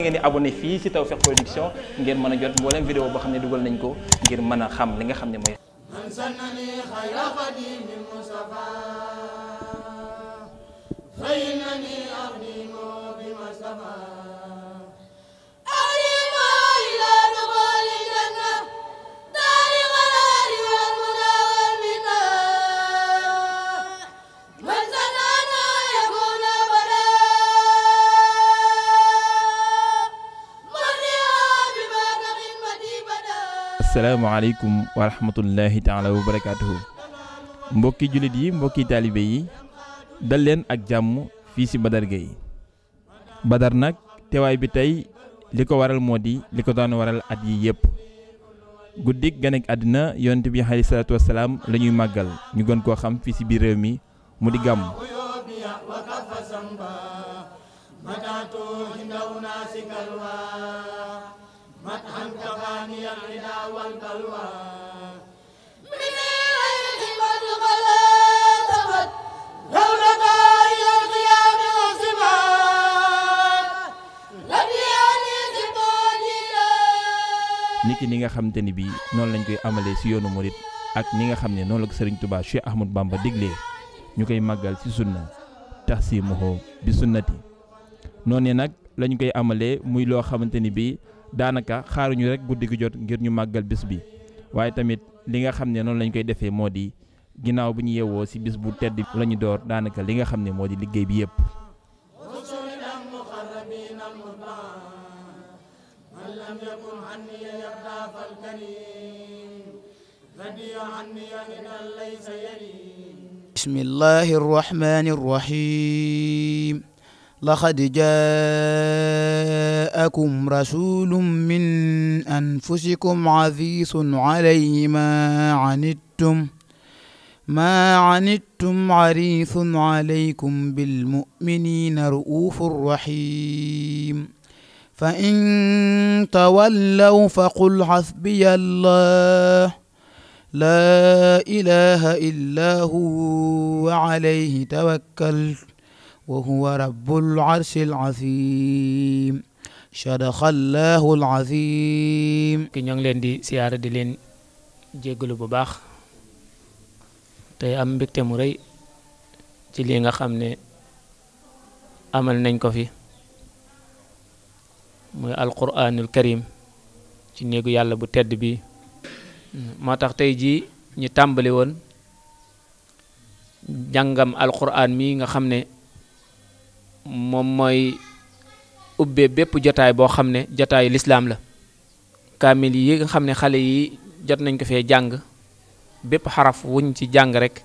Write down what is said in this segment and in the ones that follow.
ngeen di abonné fii ci Tawfekh Production ngeen mën a jot mboolem vidéo boo xam ne dugal nañ ko ngir mën a xam li nga xam ne mooy man sannani xayra xadimi Mustafa faynani asalaamaaleykum wa rahmatullahi taala mbokki jullit yi mbokki taalibe yi dal leen ak jàmm fii ci Badar Gueye Badar nag teewaay bi tey li ko waral moodi di li ko daan waral at yi yépp guddik ganek àddina yonent bi alayhi salaatu wasalaam la màggal ñu gën koo xam fii ci biir réew mi mu di gàmm ki ni nga xamante ni bii noonu lañ koy amalee ci yoonu murit ak ni nga xam ne noonu la ko sëriñ Touba Cheikh Ahmadou Bamba diglee ñu koy màggal ci sunna taxsimuhu bi sunnati noonu ne nag lañ koy amalee muy loo xamante ni bii daanaka xaaruñu rek guddi gi jot ngir ñu màggal bés bi waaye tamit li nga xam ne noonu lañ koy defee moo di ginnaaw bu ñu yeewoo ci bis bu tedd lañuy ñu door daanaka li nga xam ne moo di liggéey bi yépp bismillahi rahmaani rahim laqad jaakum rasulun min anfusikum azizun alayhi ma anittum ma anittum hariisun alaykum bilmu'miniina ra'uufun rahiim fa in tawallaw faqul hasbiya Allah laa ilaaha illaa huwa alayhi tawakkaltu wa huwa rabbul arshil azim sadaqallahul azim ki ñoo ngi leen di siyaara di leen jéggalu bu baax tey am mbégte mu rëy ci li nga xam ne amal nañ ko fi muy alquraanul karim ci néegu yàlla bu tedd bi moo tax tey jii ñu tàmbali woon jàngam alquraan mi nga xam ne moom mooy ubbee bépp jotaay boo xam ne jotaayu lislaam la kaamil yi nga xam ne xale yi jot nañ ko fee jàng bépp xaraf wuñ ci jàng rek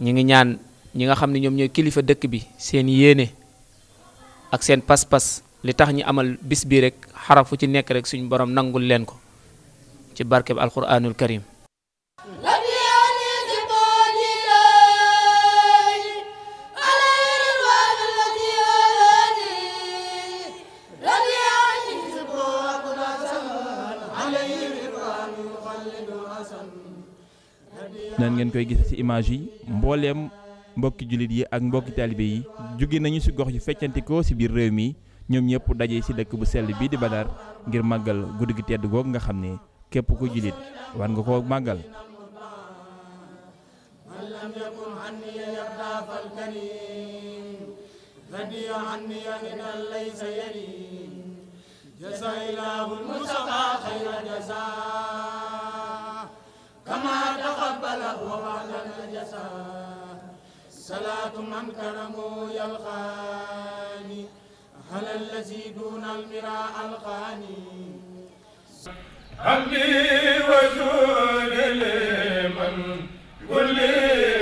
ñi ngi ñaan ñi nga xam ne ñoom ñooy kilifa dëkk bi seen yéene ak seen pas-pas li tax ñu amal bis bi rek wu ci nekk rek suñu borom nangul leen ko ci barkeb alquranul karim nan ngeen koy gise ci image yi mbooleem mbokki jullit yi ak mbokki taalibe yi jóge nañu ci gox yu feccantikoo ci biir réew mi ñoom ñëpp daje ci dëkk bu sell bii di Badar ngir màggal guddi gi tedd googu nga xam ne képp ku jullit war nga koo màggal laysa قبله ومعنى الجزاء صلاة من كرمه يلقاني على الذي دون المراء القاني همي وجود لمن قل لي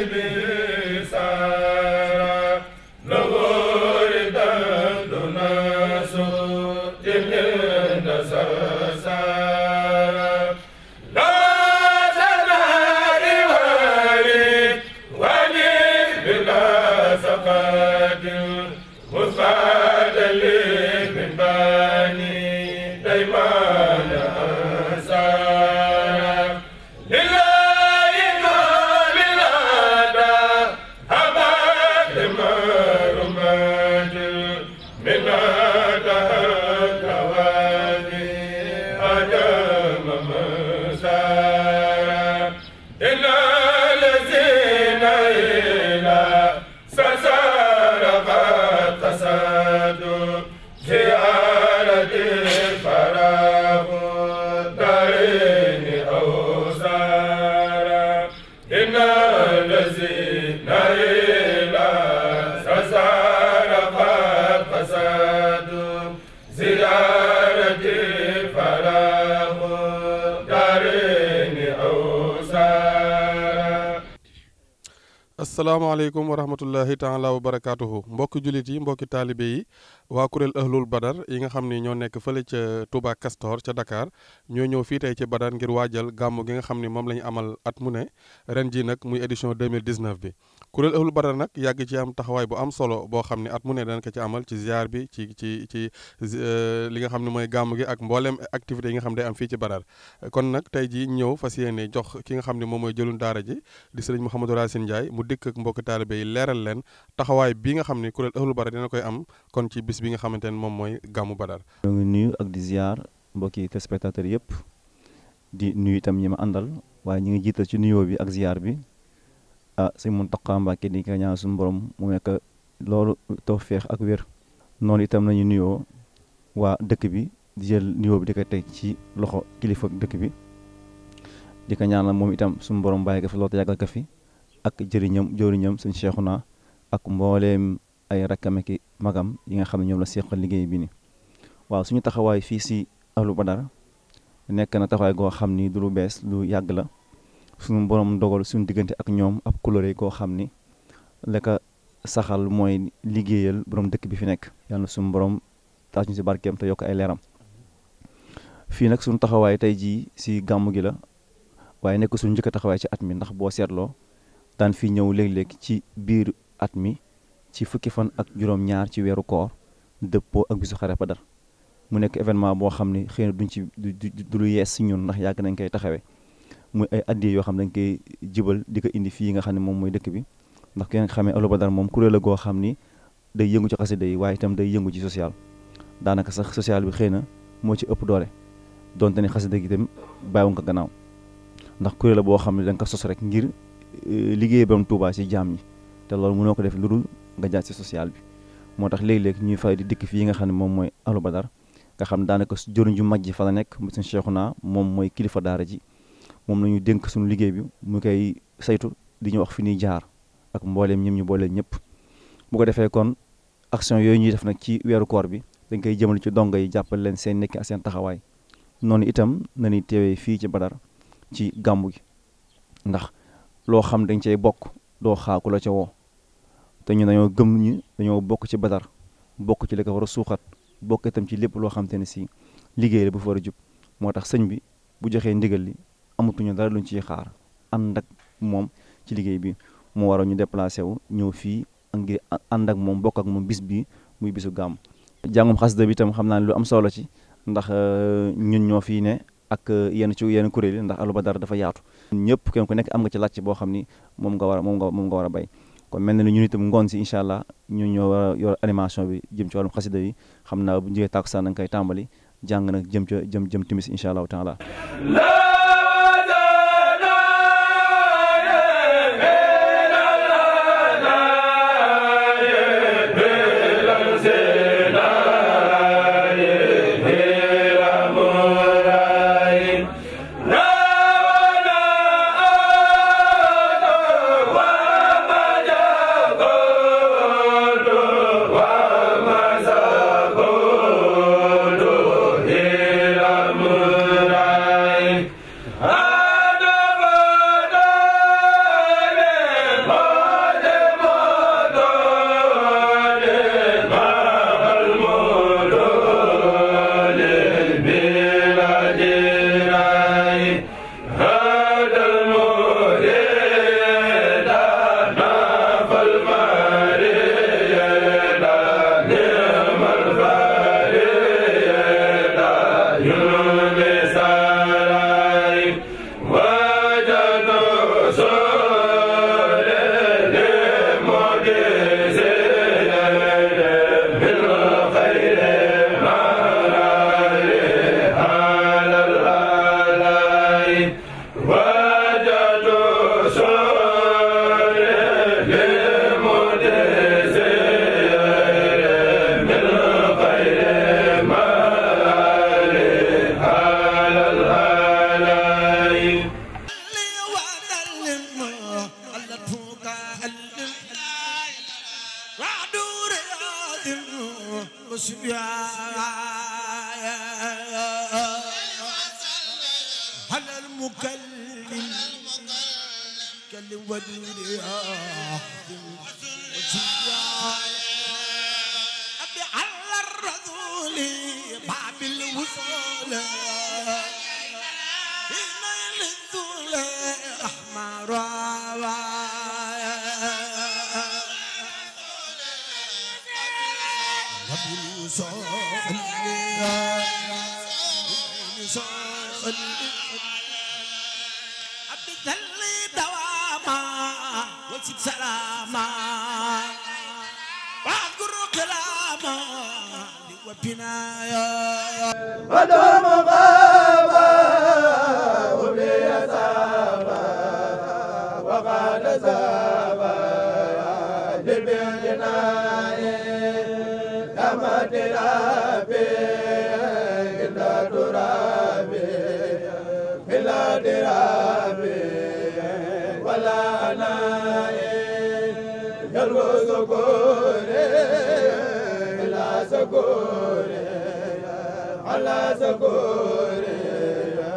asalaamaaleykum wa rahmatullahi taala wa barakaatuhu mbokki jullit yi mbokki taalibe yi waa kuréel ahlul badar yi nga xam ni ñoo nekk fële ca Touba Castor ca dakaar ñoo ñëw fii tey ci badar ngir waajal gàmmu gi nga xam ni moom la ñu amal at mu ne ren ji nag muy édition 2019 bi kuréel ëxlu badar nag yàgg ci am taxawaay boo am solo boo xam ne at mu ne dana ko ci amal ci ziar bi ci ci ci euh, li nga xam ne mooy gàmm gi ak mbooleem activités yi nga xam ne am fii ci badar kon nag tey ji ñëw fas yéene jox ki nga xam ne moom mooy jëlun daara ji di sëriñ Mouhamadou Racine Ndiaye mu dikk ak mbokki taalibe yi leen taxawaay bi nga xam ne kuréel ëxlu badar dina koy am kon ci bis bi xamante ne moom mooy gàmmu badar ñoo ngi nuyu ak di ziar mbokki téléspectateurs yëpp di nuyu itam ñi ma àndal waaye ñu ngi jiital ci nuyo bi ak ziar bi ah sëñ Muntaxa Mbàkke di ko ñaan suñu borom mu nekk loolu tawféex ak wér noonu itam nañu nuyoo waa dëkk bi di jël nuyoo bi di ko teg ci loxo kilifa dëkk bi di ka ñaan ñaanal moom itam suñu borom bàyyi ko fi loolu yàggal ko fi ak jëriñam jëriñam suñ Seexuna ak mbooleem ay rakkam ak magam yi nga xam ne ñoom la seqal liggéey bi ni waaw suñu taxawaay fii si ahlu badar nekk na taxawaay goo xam ni du lu bees lu yàgg la suñu borom dogal suñu diggante ak ñoom ab kóllëre koo xam ni la ko mooy liggéeyal borom dëkk bi fi nekk yàlla na suñu borom taas ñu si barkeem te yokk ay leeram fii nag suñu taxawaay tey jii si gàmmu gi la waaye nekk suñu njëkk taxawaay ci at mi ndax boo seetloo daan fi ñëw léeg-léeg ci biir at mi ci fukki fan ak juróom-ñaar ci weeru koor dëppoo ak bisu xare Badar mu nekk événement boo xam ne xëy na duñ ci du lu yees si ñun ndax yàgg nañ koy taxawee muy ay addiye yoo xam dañ koy jibal di ko indi fii nga xam ne moom mooy dëkk bi ndax kenn xamee Héllo Badar moom kuréel la goo xam ni day yëngu ci xasida yi waaye itam day yëngu ci social daanaka sax social bi xëy na moo ci ëpp doole donte ne xasida gi itam bàyyiwuñ ko gannaaw ndax kuréel la boo xam ne da ko sos rek ngir e, liggéey borom Touba ci jaam ñi te loolu mënoo ko def lu dul nga jaar ci social bi moo tax léeg-léeg ñuy fay di dikk fii nga xam ne moom mooy Héllo Badar nga xam daanaka jëriñ ju mag ji fa la nekk mu seen Cheikhouna moom mooy kilifa daara ji moom la dénk suñu liggéey bi mu koy saytu di ñu wax fi ñuy jaar ak mbooleem ñim ñu boole ñëpp bu ko defee kon action yooyu ñuy def nag ci weeru koor bi dañ koy jëmal ci dongo yi jàppale leen seen nekk ak seen taxawaay noonu itam nañuy teewee fii ci Badar ci gàmmu gi ndax loo xam dañ cay bokk doo xaaku la ca woo te ñu dañoo gëm ñi dañoo bokk ci Badar bokk ci li war a suuxat bokk itam ci lépp loo xam te ne si liggéey la bu fa war a jub moo tax sëñ bi bu joxee ndigal li amatuñu dara luñ ciy xaar ànd ak moom ci liggéey bi mu waroon ñu déplacé wu ñëw fii ngir ànd ak moom bokk ak moom bis bi muy bisu gàmm. jàngum xasida bi itam xam naa ne lu am solo ci ndax euh, ñun ñoo fii ne ak euh, yenn ci yenn kuréel yi ndax Alubadar dafa yaatu. ñëpp kenn ku nekk am nga ci làcc boo xam ni moom nga war moom nga moom nga war a béy kon mel na ni ñun itam ngoon si incha allah ñun ñoo war a yor animation bi jëm ci wàllum xasida bi xam naa bu njëkkee tàkkusaan nga koy tàmbali jàng nag jëm ca jëm jëm timis incha allahu taala سبيا على المكلم كلم ودوري أبي على الرسول باب الوصول salaama Abdailah,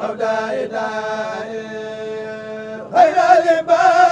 Abdailah, Hayra Liba.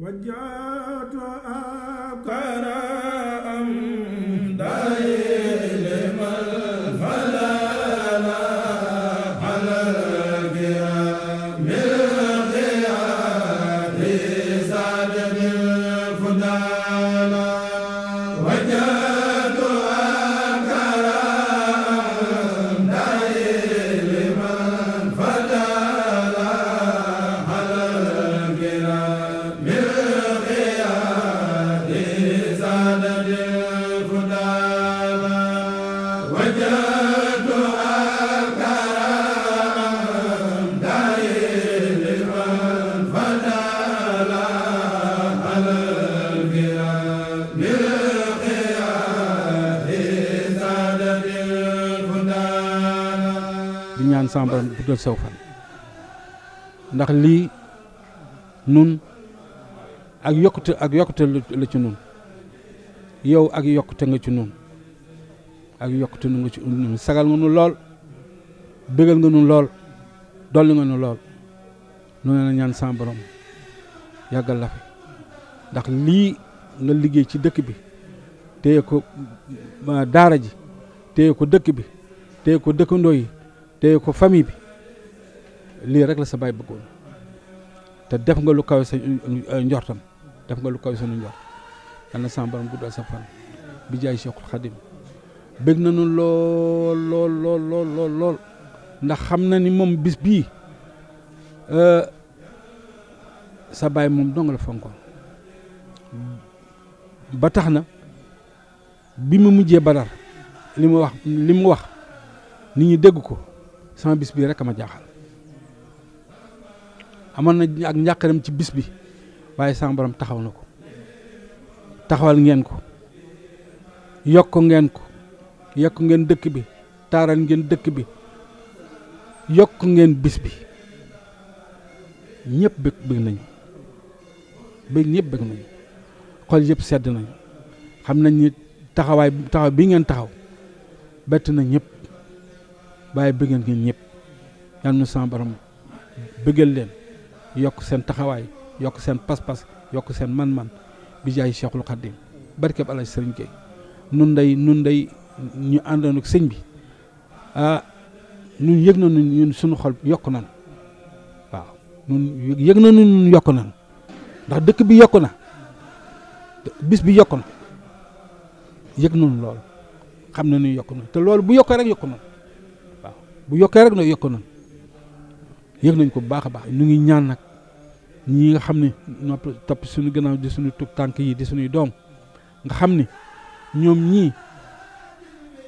وجعل guddal saw fan ndax lii nun ak yokkute ak yokkute la ci nun yow ak yokkute nga ci nun ak yokkute nu nga nun sagal nga nu lool bégal nga nu lool dolli nga nu lool nu ne na ñaan sa borom yàggal la ndax lii nga liggéey ci dëkk bi téye ko daara ji téye ko dëkk bi téye ko dëkkandoo yi téye ko famille bi lii rek la sa baay bëggoon te def nga lu kawe sa njortam def nga lu kawe sunu njort yal na sama borom guddal sa fan bi jaay Cheikhul Khadim bëgg nañu lool lool lool lool lool ndax xam na ni moom bis bii euh, sa baay moom dong la fonkoon ba tax na bi mu mujjee badar li mu wax li mu wax nit ñi dégg ko sama bis bii rek a ma jaaxal amoon na ak njàqaram ci bis bi waaye sama borom taxaw na ko taxawal ngeen ko yokk ngeen ko yokk ngeen dëkk bi taaral ngeen dëkk bi yokk ngeen bis bi ñëpp bëgg bëgg nañu bëgg ñëpp bëgg nañu xol yëpp sedd nañu xam nañ ni taxawaay taxaw bi ngeen taxaw bett na ñépp waaye bëgg ngeen ñëpp yal na sama borom leen yokk seen taxawaay yokk seen pas-pas yokk seen man-man bi jaay Cheikhul Khadim barkeb Alaaji Sëriñ Gueye nun day nun day ñu àndoon ak sëñ bi ah ñun yëg nañu ñun suñu xol yokk na waaw ñun yëg nañu ñun yokk nañ ndax dëkk bi yokk na bis bi yokk na yëg nañu lool xam nañu yokk nañ te loolu bu yokkee rek yokk nañ waaw bu yokkee rek nag yokk nañ yëg nañ ko bu baax a baax ñu ngi ñaan nag ñi nga xam ne ñoo topp suñu gannaaw di suñu tug tànk yi di suñuy doom nga xam ni ñoom ñii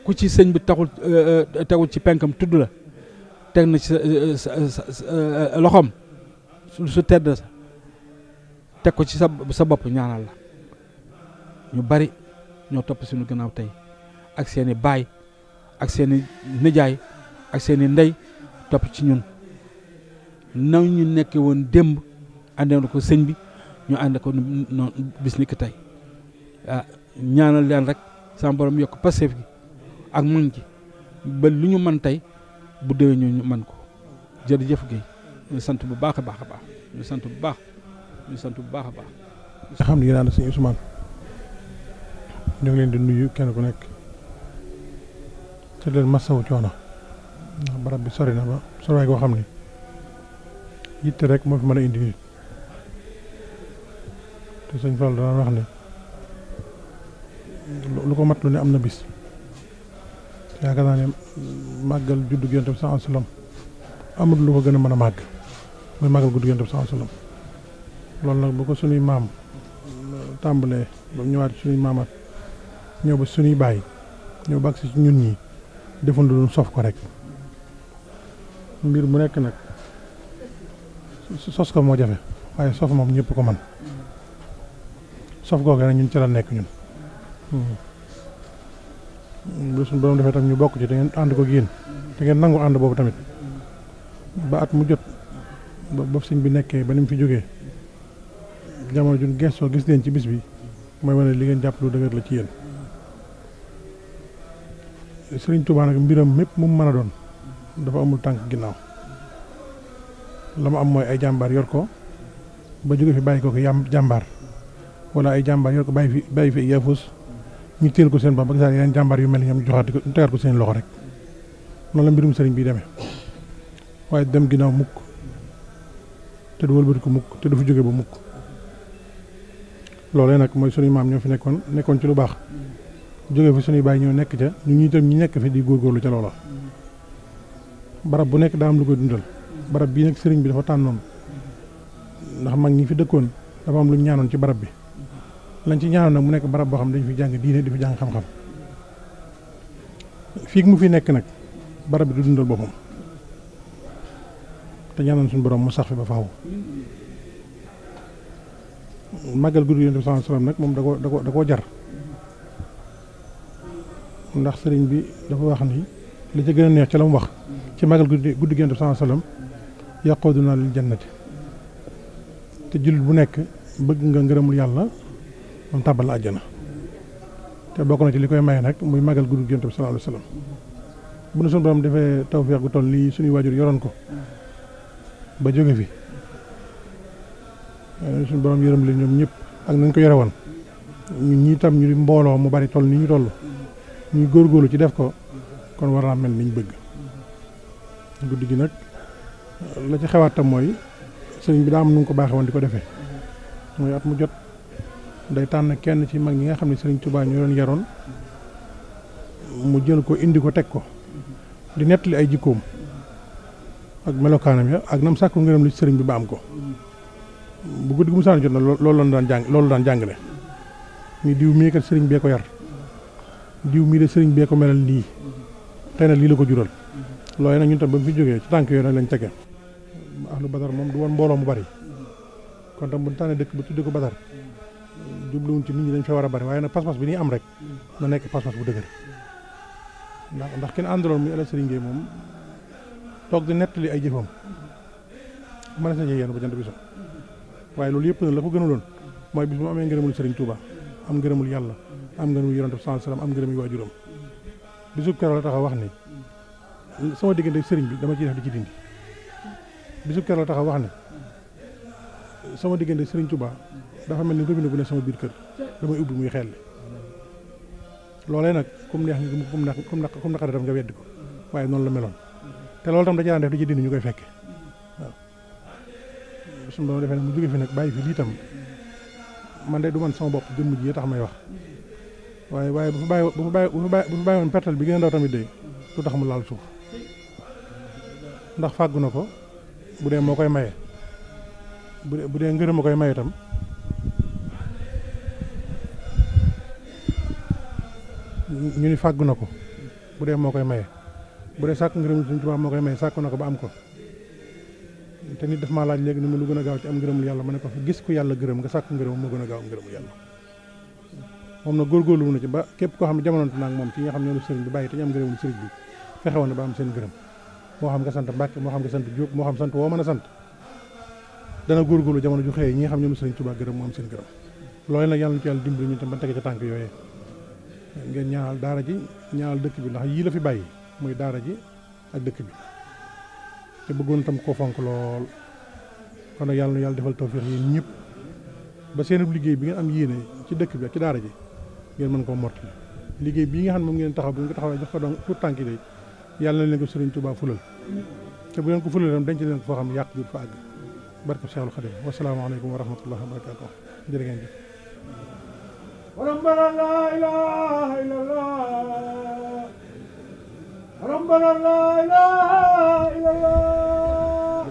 ku ci sëñ bi taxul euh, euh, tegul ci penkam tudd la teg na ci sa euh, loxoom su tedd teg ko ci sa bopp ñaanal la ñu bari ñoo topp suñu gannaaw tey ak seeni baay ak seeni nijaay ak seeni ndey topp ci ñun naw ñu nekkee woon démb àndoon ko sëñ bi ñu ànd ko noonu bis ni ko tey ah ñaanal leen rek sama borom yokk passeef gi ak muñ gi ba lu ñu man tey bu déwénee ñu man ko jërëjëf Guèye ñu sant bu baax a baax a baax ñu sant bu baax ñu sant bu baax a baax. nga xam ne yéen aana sëñ Ousmane ñu ngi leen di nuyu kenn ku nekk te leen masawu coono ndax barab bi sori na ba sori goo xam ni. yitte rek moo fi mën a indi nit te sëñ Fall daan wax ne lu ko mat lu ne am na bis yaakaar naa ne màggal juddu Yonent bi sallallahu alayhi wasallam lu ko gën a mën a màgg muy màggal guddi Yonent bi sallallahu alayhi wasallam loolu nag bu ko suñuy maam tàmbalee ba ñëwaat suñuy maamaat ñëw ba suñuy bàyyi ñëw ba agsi ci ñun ñi defoon lu sof ko rek mbir mu nekk nag sos ko moo jafe waaye sof moom ñëpp ko man sof googu nag ñun ci la nekk ñun bu hmm. suñu borom defee tam ñu bokk ci da ngeen ànd ko yéen da ngeen nangu ànd boobu tamit ba at mu jot ba ba bi nekkee ba ni mu fi jógee jamono jun gestoo gis leen ci bis bi mooy wane li ngeen jàpp lu dëgër la ci yéen Sëriñ Tuubaa mbiram mépp mu mën a doon dafa amul tànk ginnaaw la mu am mooy ay jàmbaar yor ko ba jóge fi bàyyi ko ko jàmbaar wala ay jàmbaar yor ko bàyyi fi bàyyi fi yaafus ñu teel ko seen bopp ba gisaat yeneen jàmbaar yu mel ni ñoom ñu joxaat ko tegaat ko seen loxo rek noonu la mbirum sëriñ bi demee waaye dem ginnaaw mukk te du wëlbati ko mukk te du fi jóge ba mukk loolee nag mooy suñu maam ñoo fi nekkoon nekkoon ci lu baax jóge fi suñuy bàyyi ñoo nekk ca ñu ñuy tam ñu nekk fi di góorgóorlu ca loola barab bu nekk daa lu koy dundal barab bii nag sëriñ bi dafa tànnoon ndax mag ñi fi dëkkoon dafa am lu ñaanoon ci barab bi lañ ci ñaanoon nag mu nekk barab boo xam ne dañu fi jàng diine di fi jàng xam-xam fii mu fi nekk nag barab bi du dundal boppam te ñaanoon suñu borom mu sax fi ba faaw màggal guddi Yonent bi sallallahu alayhi wasallam nag moom da koo da koo da jar ndax sëriñ bi dafa wax ni li ci gën a neex ci la mu wax ci màggal guddi guddi Yonent bi sallallahu alayhi yaqooduna lil jannati te jullit bu nekk bëgg nga ngërëmul yàlla moom tàbbal la àjjana te bokk na ci li koy maye nag muy magal guddug Yonent bi sallallahu alayhi wa sallam bu nu suñu borom defee tawfeex gu toll lii suñuy waajur yoroon ko ba jóge fi suñu borom yërëm li ñëpp ak nañ ko yore woon ñun ñii tam ñu mbooloo mu bari toll ni ñu toll ñuy góorgóorlu ci def ko kon war naa mel niñ bëgg guddi gi nag la ci xewaat tam mooy sëriñ bi daa am nu ko baaxee di ko defee mooy at mu jot day tànn kenn ci mag ñi nga xam ne sëriñ Touba ñoo doon yaroon mu jël ko indi ko teg ko di nettali ay jikkoom ak melokaanam ya ak nam sàkku ngërëm li sëriñ bi ba am ko bu guddi gu mu jot na loolu lañ daan jàng loolu daan jàngale ñu diw mii kat sëriñ bee ko yar diw mii de sëriñ bee ko melal lii xëy na lii la ko jural loolu nag ñun tam ba mu fi jógee ci tànk yooyu nag lañ tege mu ahlu badar moom du woon mbooloo mu bari kon tam bu ñu dëkk bu tuddee ko badar jubluwuñ ci nit ñi dañ fee war a bari waaye nag pas-pas bi ñuy am rek na nekk pas-pas bu dëgër ndax ndax kenn àndaloon muy El Hadj Serigne moom toog di nettali ay jëfam mën na yéen ba jant bi so waaye loolu yëpp nag la ko gënaloon mooy bis mu amee ngërëmul Serigne Touba am ngërëmul yàlla am ngërëmul yonent bi sallallahu alayhi wasallam am ngërëmul waajuram bisub keroog la taxaw wax ni sama diggante Serigne bi dama ciy di ci dindi bisub keroog taxaw wax ne sama diggante Serigne Touba dafa mel ni robinet bu ne sama biir kër damay ubbi muy xel loolee nag comme neex nga comme na comme na comme naqare daf nga weddi ko waaye noonu la meloon te loolu tam dañu daan def di ci ñu koy fekke waaw suñu borom defee fi nag bàyyi fi lii tam man de du man sama bopp jëmm ji tax may wax waaye waaye bu fa bàyyi bu fa bàyyi bu bi gën a ndaw tamit de lu tax mu laal suuf ndax fàggu na ko bu dee moo koy maye bu dee bu dee a koy maye tam ñu ni fàgg na ko bu dee moo koy maye bu dee sàkk ngërëm Sëriñ Tuubaa moo koy maye sàkk na ko ba am ko te nit daf maa laaj léegi ni ma lu gën a gaaw ci am ngërëmul yàlla ma ne ko gis ku yàlla gërëm nga sàkk ngërëm moo gën a gaaw ngërëmul yàlla moom na góorgóorlu na ci ba képp koo xam ne jamonoonte naa moom ci nga xam ne sëriñ bi bàyyi te ñu am ngërëmul sëriñ bi fexe woon na ba am seen ngërëm moo xam nga sant Mbàkke moo xam nga sant Diop moo xam sant woo mën a sant dana góorgóorlu jamono ju xëyee ñi nga xam ñoom Sëriñ Tuubaa gërëm mu am seen gërëm loolu nag yàlla ñu ci yàlla dimbali ñu tam ban tege ngeen ñaanal daara ji ñaanal dëkk bi ndax yii la fi bàyyi muy daara ji ak dëkk bi te bëggoon tam koo fonk lool kon nag yàlla nu yàlla defal tawféex yéen ñëpp ba seen liggéey bi nga am yéene ci dëkk bi ci daara ji ngeen mën koo mottali liggéey bii nga xam moom ngeen taxaw bu ngeen ko taxawee jox ko donc pour tànk yi yàlla na leen ko sëriñ Touba fulal te bu leen ko fulal itam denc leen ko foo xam ne yàq du fa àgg barke Cheikhul Khadim wa salaamu aleykum wa rahmatullahi wa barakatuh jërë ngeen jëf ربنا لا إله إلا الله ربنا لا إله إلا الله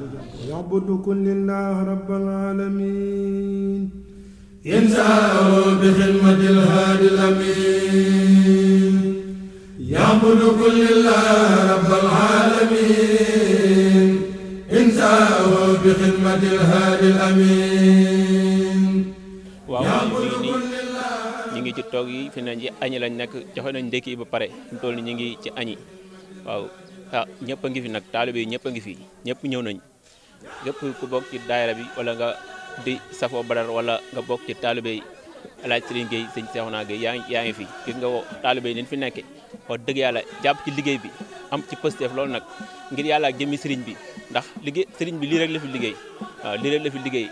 يعبد كل الله رب العالمين ينزعه بخدمة الهادي الأمين نعبد كل الله رب العالمين انساه بخدمة الهادي الأمين waaw ñu ngi nii ñu ngi ci toog yi fi nañ ci añi lañ nekk joxe nañ ndékki ba pare ñu ñu ngi ci añi waaw ah ñëpp a ngi fi nag taalibe yi ñëpp ngi fi ñëpp ñëw nañ képp ku bokk ci daayira bi wala nga di safoo badar wala nga bokk ci taalibe yi alaaj Serigne Gueye sëñ Seexuna Gueye yaa ngi yaa ngi fi gis nga woo taalibe fi nekkee wax dëgg yàlla jàpp ci liggéey bi am ci positif loolu nag ngir yàlla jëmmi sëriñ bi ndax liggéey sëriñ bi lii la liggéey waaw lii fi liggéey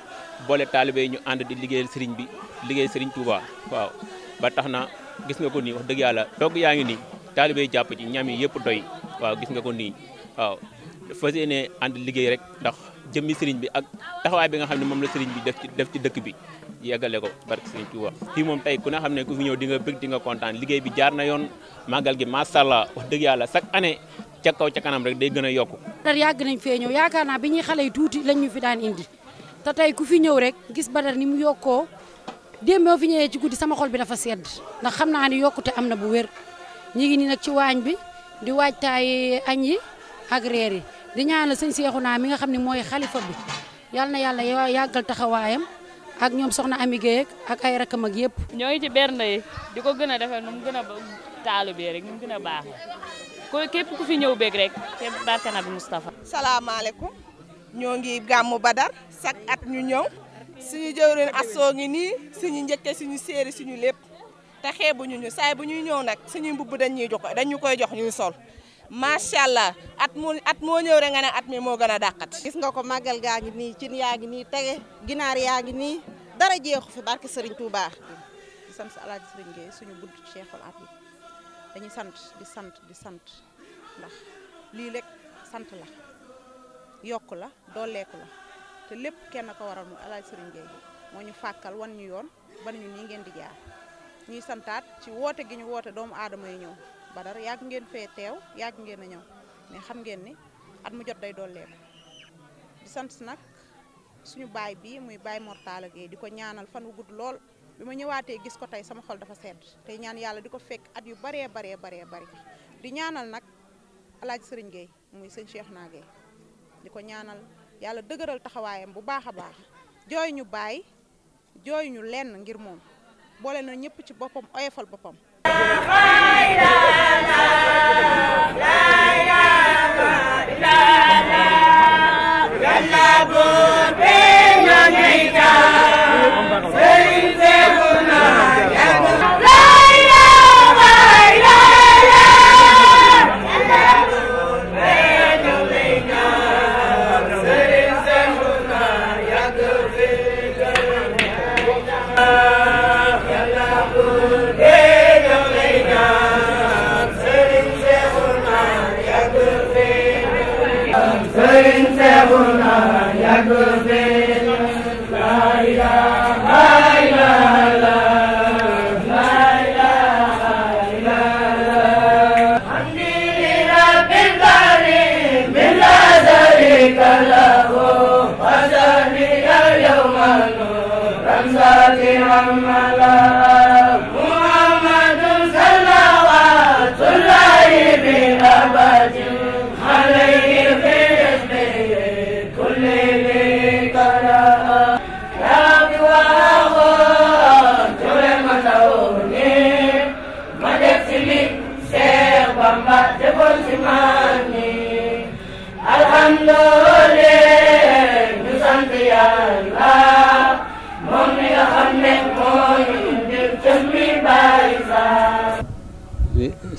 boole taalibe ñu ànd di liggéeyal sëriñ bi liggéey sëriñ Touba waaw ba tax na gis nga ko nii wax dëgg yàlla togg yaa ngi nii taalibe yi jàpp ci ñam yi yëpp doy waaw gis nga ko nii waaw fas yéene ànd liggéey rek ndax jëmmi sëriñ bi ak taxawaay bi nga xam ne moom la sëriñ bi def ci def ci dëkk bi yeggale ko barke Sëriñ Tuuba fii moom tey ku ne xam ne ku fi ñëw di nga bëgg di nga kontaan liggéey bi jaar na yoon màggal gi macha allah wax dëgg yàlla chaque année ca kaw ca kanam rek day gën a yokku Badar yàgg nañ fee ñëw yaakaar naa bi ñuy xale yi tuuti lañ ñu fi daan indi te tey ku fi ñëw rek gis Badar ni mu yokkoo démb fi ñëwee ci guddi sama xol bi dafa sedd ndax xam naa ni yokkute am na bu wér ñi ngi ni nag ci waañ bi di waajtaay añ yi ak reer yi di ñaanal sëñ Seexuna mi nga xam ne mooy xalifa ak ñoom soxna Ami ak ay rakam ak yëpp. ñoo ngi ci bernde yi di ko gën a defee nu mu gën a taalu bee rek mu gën a baax ko képp ku fi ñëw beeg rek képp barka na bi Moustapha. salaamaaleykum ñoo ngi gàmmu Badar chaque at ñu ñëw suñu jëwrin asoo ngi nii suñu njëkke suñu séeri suñu lépp texe xeebuñu ñu saay bu ñuy ñëw nag suñuy mbubb dañ ñuy jox dañu koy jox ñuy sol. macha allah at mu at moo ñëw rek nga ne at mi moo gën a dàqat. gis nga ko màggal gaa ngi nii cin yaa ngi nii tege ginaar yaa ngi nii dara jeexu fi barke Serigne Touba. di sant Alaaji Serigne Gueye suñu buntu Cheikhul at dañuy sant di sant di sant lii rek sant la yokk la dooleeku la te lépp kenn ko waral mu Alaaji Serigne Gueye moo ñu fàkkal wan ñu yoon ban ñu nii ngeen di jaar ñuy santaat ci woote gi ñu woote doomu aadama yi ñëw. Badar yàgg ngeen fee teew yàgg ngeen a ñëw mais xam ngeen ni at mu jot day dolleeku di sant nag suñu baay bii muy baay Mortala Gueye di ko ñaanal fan wu gudd lool bi ma ñëwaatee gis ko tey sama xol dafa sedd tey ñaan yàlla di ko fekk at yu baree bare baree bari di ñaanal nag alaaj sëriñ Gueye muy sëñ Cheikh naa Gueye di ko ñaanal yàlla dëgëral taxawaayam bu baax a baax jooy ñu baay jooy ñu lenn ngir moom boole na ñëpp ci boppam oyofal boppam Vamos, vamos. yàgg na yàgg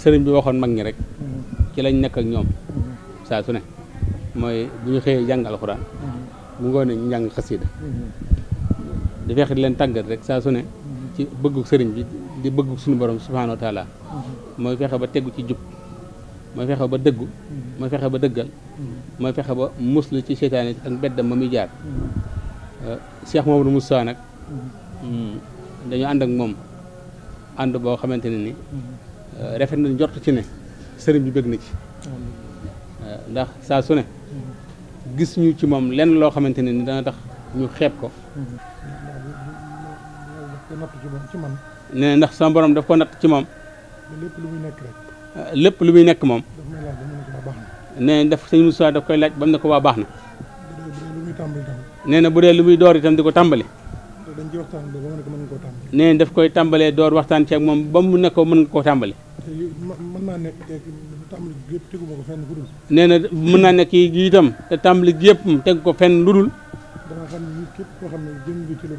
sëriñ bi waxoon mag ñi rek ci lañ nekk ak ñoom saa su ne mooy bu ñu xëyee jàng alxuraan bu ngoonee ñu jàng xasiida di fexe di leen tàggat rek saa su ne ci bëggu sëriñ bi di bëggu suñu borom subhaanahu wa mooy fexe ba tegu ci jub mooy fexe ba dëggu mooy fexe ba dëggal mooy fexe ba muslu ci seytaane ak beddam ba muy jaar Cheikh mus saa nag mm, dañu ànd ak moom ànd boo xamante ne ni Euh, rafet na jot ci ne sëriñ bi bëgg na ci euh, ndax saa su ne gis ñu ci moom lenn loo xamante ne ni dana tax ñu xeeb ko nee ndax sama borom daf ko natt ci moom euh, lépp lu muy nekk moom nee daf sëñ Moussa daf koy laaj ba mu ne ko waa baax na nee na bu dee lu muy door itam ko tàmbali nee daf koy tàmbalee door waxtaan ci moom ba mu ne ko mën nga koo tàmbali mën naa nekk nee na mën naa nekk yi itam te tàmbali yëpp teg ko fenn ludul. dafa xam ne képp koo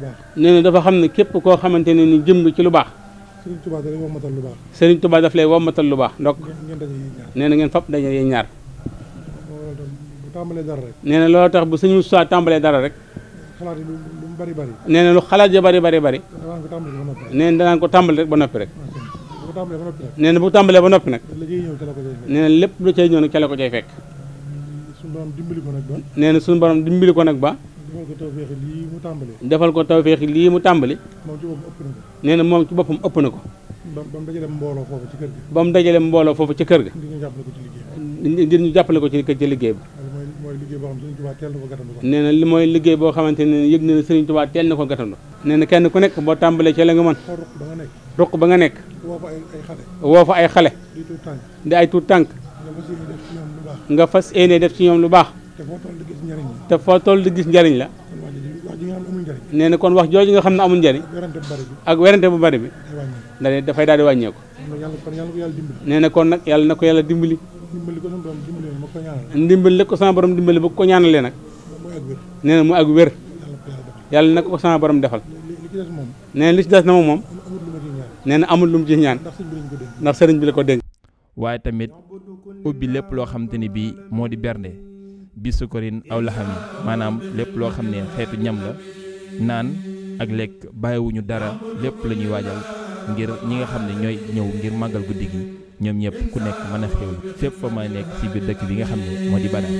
dafa xam ne képp koo xamante ne ni jëm nga ci lu baax. Serigne Touba daf lay wommatal lu baax. Serigne Touba daf lay wommatal lu baax ndok. na ngeen fab daje yéen ñaar. bu tàmbalee dara rek. nee tax bu suñu saa tàmbalee dara rek. xalaat lu bari na lu xalaat ya bari bari bari. nee na ko tàmbali ba noppi rek. nee na bu tàmbalee ba noppi nag nee na lépp lu cay ñëw nag ca la ko cay fekk nee na suñu borom dimbali ko nag ba defal ko tawféexi lii mu tàmbali nee na moom ci boppam ëpp na ko ba mu dajale mbooloo foofu ci kër ga ba mu dajale mbooloo foofu ci kër ga ngir ñu jàppale ko ci ci liggéey bi nee na li mooy liggéey boo xamante ne yëg na ne Sëriñ Tuubaa teel na ko gàttandu nee kenn ku nekk boo tàmbalee ci la nga mën roq ba nga nekk. woo fa ay xale. woo di tànk di ay tuut tànk. nga fas yéene def ci ñoom lu baax. te foo toll di gis njariñ la. te foo toll nee na kon wax jooju nga xam ne amul njariñ. ak werante bu bari bi. da leen dafay daal di wàññeeku. nee na kon nag yalla na ko yàlla dimbali. ndimbali ko sama borom dimbali ba ko ñaanalee nag. nee na mu ak wér. yàlla na ko sama borom defal. nee na li ci des na moom moom. nee amul lu mu ci ndax sëriñ bi la ko dénk. waaye tamit ubbi lépp loo xam te ni bii moo di bernde bi sukkarin aw laxam maanaam lépp loo xam ne xeetu ñam la naan ak lekk bàyyiwuñu dara lépp la ñuy waajal ngir ñi nga xam ne ñooy ñëw ngir màggal guddi gi ñoom ñëpp ku nekk mën a xewlu fépp fa may nekk ci biir dëkk bi nga xam ne moo di Badar.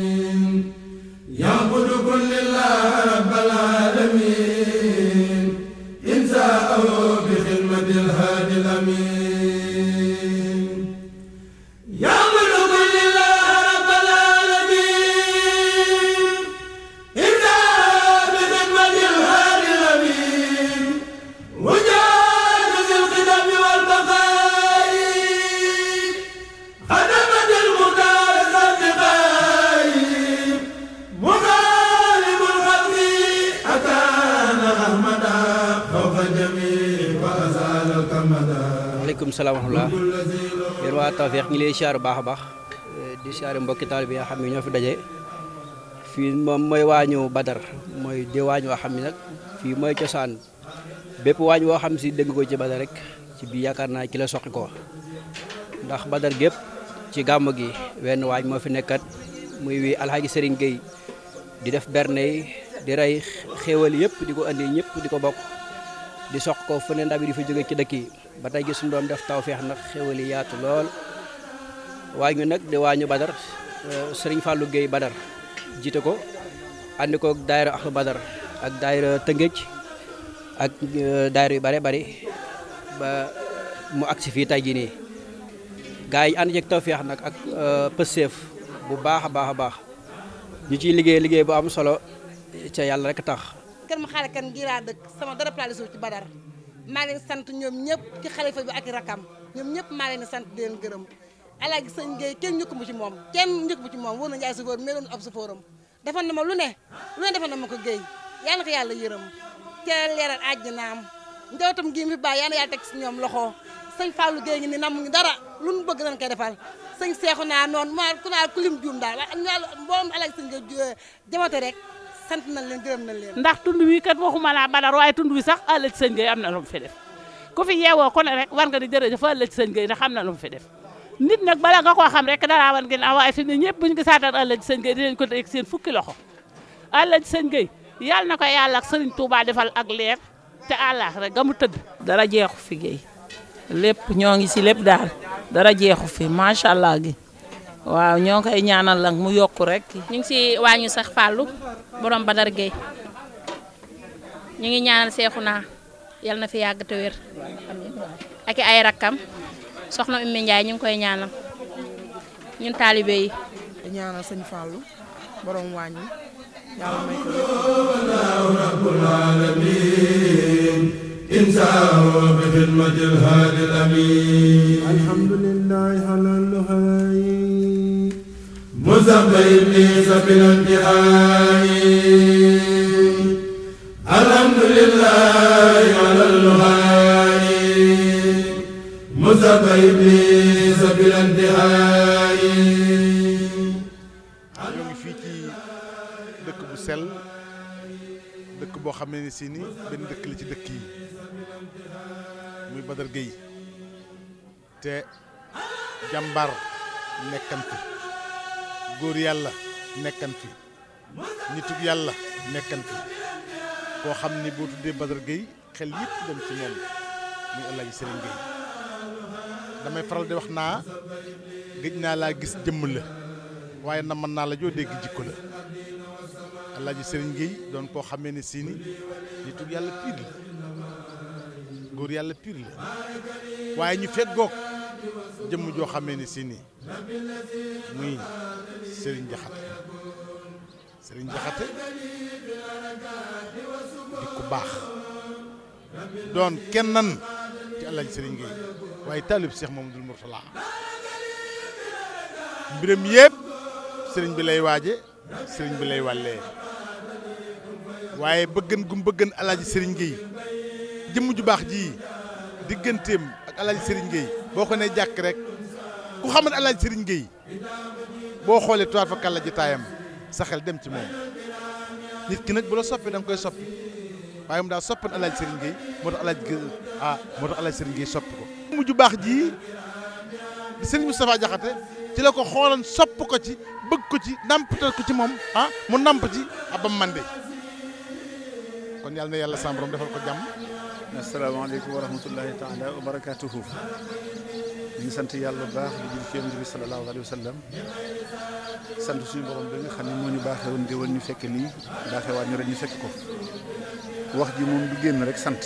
salaam wa waa Tawfekh ñu ngi lay siyaar bu baax a baax di siyaare mbokki taal bi nga xam ne ñoo fi daje fii moom mooy waañu Badar mooy di waañ woo xam ne nag fii mooy cosaan bépp waañ woo xam si dégg ko ci Badar rek ci bii yaakaar naa ci la soqi ko ndax Badar gépp ci gàmm gi wenn waañ moo fi nekkat muy wii Alxaaji Sëriñ Gueye di def berne yi di rey xéewal yëpp di ko andi ñëpp di ko bokk di soq ko fu ne ndax yi di fa jóge ci dëkk yi ba tey gi suñu doon def tawféex nag xéwali yaatu lool waañu nag di waañu badar euh, sëriñ Fallou Guèye badar jiite ko kook ko ak daayira badar ak daayira Tëngéej ak euh, daayira yu bare bari ba mu si fii tey jii nii gaa yi ànd jeeg tawféex nag ak euh, pësseef bu baax a baax a baax ñu ciy liggéey liggéey bu am solo ca yàlla rek tax. kër ma xaale kan ngiraa dëkk sama dara plaali suuf ci badar maa leen sant ñoom ñëpp ci xalifa bi ak rakam ñoom ñëpp maa leen sant di leen gërëm alaaji sëñ Gueye kenn ñëkk mu moom kenn ñëkk mu ci moom wóor na Njaay sufóor mais doon ab sufóoram defal na ma lu ne lu defal na ma ko Gueye yal na yàlla yërëm te leeral àjjanaam njabootam gii mi fi bàyyi yal na yàlla teg si ñoom loxo sëñ Fallou Gueye ngi ni namuñu dara lu mu bëgg dañ koy defal sëñ Seexu naa noonu ma ku naa kulim juum daal waaye ñu wàllu mboolem alaaji sëñ Gueye eh, jamono rek sant nañ leen gërëm nañ leen. ndax tund wi kat waxuma laa badar waaye tund wi sax àll ci sëñ Gueye am na lu mu fi def ku fi yeewoo ku rek war nga di jërëjëf àll ci sëñ Gueye ndax am na lu fi def nit nag bala nga koo xam rek dara wan ngeen waaye fi ne ñëpp buñu ko saataan àll ci sëñ Gueye dinañ ko teg seen fukki loxo àll ci sëñ Gueye yàlla na ko yàlla ak sëriñ Touba defal ak leer te àllaax rek ga mu tëdd. dara jeexu fi Gueye lépp ñoo ngi si lépp daal dara jeexu fi macha gi waaw ñoo koy ñaanal nag mu yokk rek. ñu ngi si waañu sax fàllu borom Badar Gueye ñu ngi ñaanal seexu naa yal na fi yàgg te wér ak ay rakkam soxna Oumy Ndiaye ñu ngi koy ñaanal ñu taalibe yi. di ñaanal sëñ fàllu borom waañu yàlla may إنسانه بخدمة الهادي الأمين الحمد لله على الهي مسبب إبليس بالانتهاء الحمد لله على الهي مسبب إبليس بالانتهاء dëkk bu sell dëkk boo xam ne si ni benn dëkk la ci dëkk yi muy Badar Gueye te jàmbaar nekkan góor yàlla nekkanti fi yàlla nekkanti koo xam ni boo tuddee Badar Gueye xel yëpp dem damay faral di wax naa géej naa laa gis jëmm la waaye na mën naa la joo dégg jikko la El Hadj Serigne doon koo xamee ne siini nitug yàlla piir la góor yàlla piir la waaye ñu feggoog jëmm joo xamee ne si nii muy Serigne Jaxate Serigne Jaxate di ku baax doon kennan ci Alaaji Serigne Gueye waaye taalib Cheikh Mamadou Mourtala mbiram yëpp sëriñ bi lay waaje sëriñ bi lay wàllee waaye bëggan gum bëggan Alaaji Serigne Gueye jëmm ju baax ji digganteem ak El sëriñ géey boo ko nee jàkk rek ku xam ne sëriñ géey boo xoolee tuwaat fa kàlla ji taayam sa xel dem ci moom nit ki nag bu la soppi da koy soppi waaye mu daal soppan El sëriñ Serigne Gueye moo tax El Hadj ah moo tax soppi ko. jëmm ju baax ji di Serigne Moustapha Diakhaté ci la ko xoolan sopp ko ci bëgg ko ci nampatal ko ci moom ah mu namp ci abam ah mande kon yàlla na yàlla sàmm defal ko jàmm. asalaamaaleykum wa rahmatullahi taala wa barakaatuhu ñu ngi sant yàlla bu baax di jul ci yonent bi salallaahu alayhi wa sallam sant suñu borom bi nga xam ne moo ñu baaxee woon déwén ñu fekk lii baaxee waat ñu rek ñu fekk ko wax ji moom du génn rek sant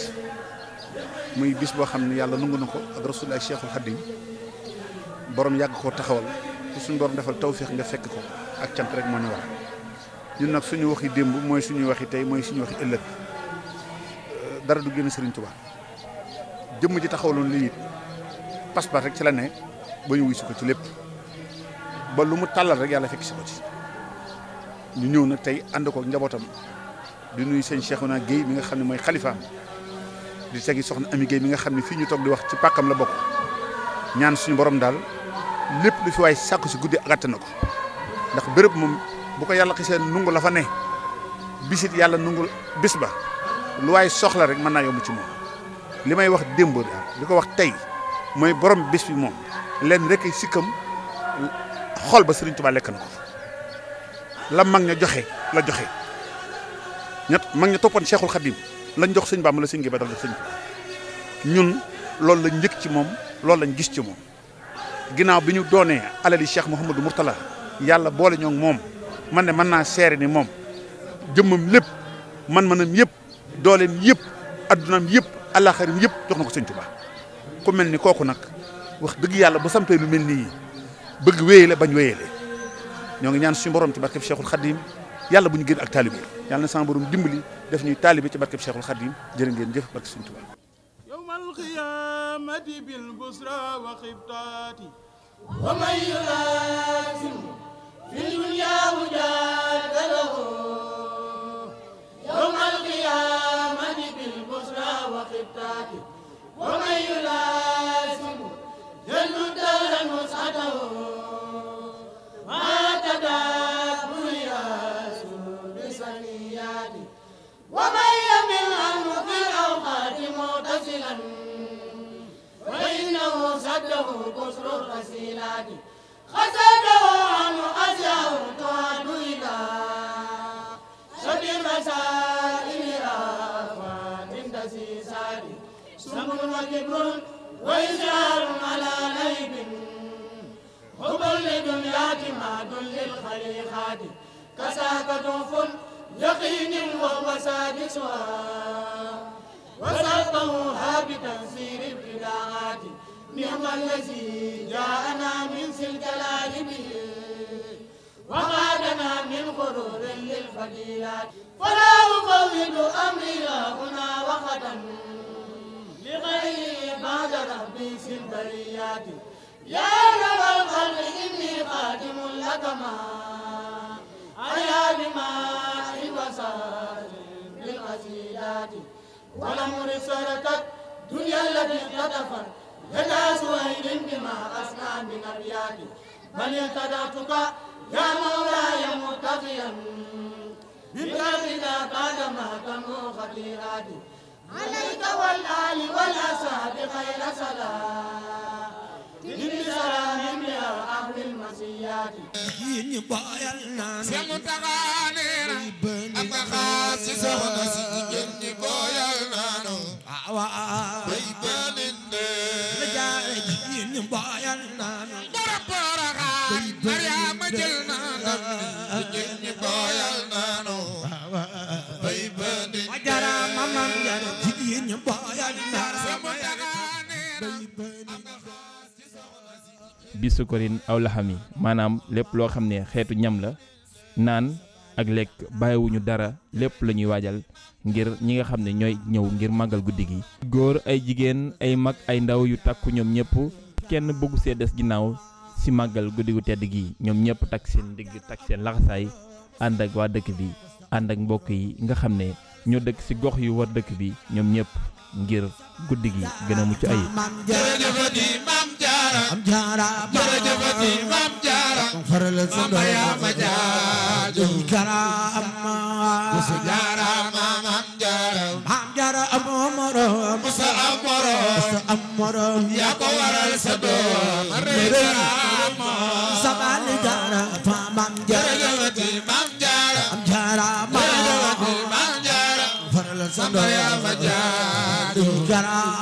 muy bis boo xam ne yàlla nangu na ko ak rasulullah cheikhul xadim borom yàgg koo taxawal te suñu borom defal tawféex nga fekk ko ak cant rek moo ñu war ñu nag suñu waxi démb mooy suñu waxi tey mooy suñu waxi ëllëg dara du génn Serigne Touba jëmm ji taxawloon lii it pas-pas rek ci la ne ba ñu wuy si ko ci lépp ba lu mu tàllal rek yàlla fekk si ko ci ñu ñëw nag tey ànd ko njabootam di nuyu sëñ Cheikhouna Guèye mi nga xam ne mooy xalifaam di tegi soxna Ami Guèye mi nga xam ne fii ñu toog di wax ci pàkkam la bokk ñaan suñu borom daal lépp lu fi waay sàkku si guddi àggat na ko ndax béréb moom bu ko yàlla xisee nungu la fa ne bisit yàlla nungul bis ba lu waay soxla rek mën naa yomb ci moom li may wax démb daal li ko wax tey mooy borom bis bi moom leen rek sikkam xol ba Serigne Touba lekk na ko la mag ña joxe la joxe ñett mag ña toppoon Cheikhul Khadim lañ jox sëñ Bàmba la sëñ gi ba dal jox sëñ ñun loolu lañ njëkk ci moom loolu lañ gis ci moom ginnaaw bi ñu doonee alali Cheikh Mouhamadou Mourtala yàlla boole ñoo moom man ne mën naa seere ni moom jëmmam lépp man-manam yëpp dooleem yëpp addunaam yëpp àllaaxarim yëpp jox na ko sëñ Tuubaa ku mel ni kooku nag wax dëgg yàlla bu sampee lu mel nii bëgg wéyale bañ wéyale ñoo ngi ñaan suñu borom ci barkeb Cheikhul Khadim yàlla bu ñu génn ak taalibe yàlla na sama borom dimbali def ñuy taalibe ci barkeb Cheikhul Khadim jërë ngeen jëf barke sëñ Tuubaa yawmal qiyaamati bil busra wa xibtaati wa man yulaasim fi dunya mujaadalahu يوم القيامة بالبشرى وخبتات ومن يلازم جل الدار مسعده ما تدابر ياس بسنيات ومن يمل عنه في الأوقات متصلا فإنه سده بشر الرسيلات خسده عنه أزعر تعد إلى شر المسار كبر وإزار على نيب هبل لدنياك ماد للخليقات كساك جوف يقين وهو سادسها وسلطه بتنسير ابتداءات نعم الذي جاءنا من سلك الجلال به وقادنا من غرور للفضيلات فلا أفوض أمري هنا وغدا لغيري بعد ربي في البريات يا رب الخلق إني خادم لك ما أيا بماء وسائل بالأسيلات ولم رسالتك دنيا التي قدفت لدى سويد بما أصنع من أبياتي بل اهتدتك يا مولاي مرتقيا بك إذا بعد ما تمو خطيئاتي عليك والآل والأصحاب خير صلاة لكل سلام يا أهل المسيات سيا متغانينا أتخاسس ونسي جني بويا نانو بيبان النار رجاء جيني بويا نانو bi sukarin aw laxami maanaam lépp loo xam ne xeetu ñam la naan ak lekk bàyyiwuñu dara lépp la ñuy waajal ngir ñi nga xam ne ñooy ñëw ngir màggal guddi gi. góor ay jigéen ay mag ay ndaw yu takku ñoom ñëpp kenn bëggu see des ginnaaw si màggal guddi gu tedd gi ñoom ñëpp takk seen digg takk seen laxasaay ànd ak waa dëkk bi ànd ak mbokk yi nga xam ne ñoo dëkk si gox yu war dëkk bi ñoom ñëpp ngir guddi gi gën a mucc ayib. jaara am jaara jërëjëfati maam jaara faral sa doom ma jaaju jaara amma musa jaara maam am jaara maam jaara amoro musa amoro musa amoro yaa ko waral sa doom jaara amma sabali jaara fa maam jaara jërëjëfati maam jaara am jaara maam jaara faral sa doom ma jaaju jaara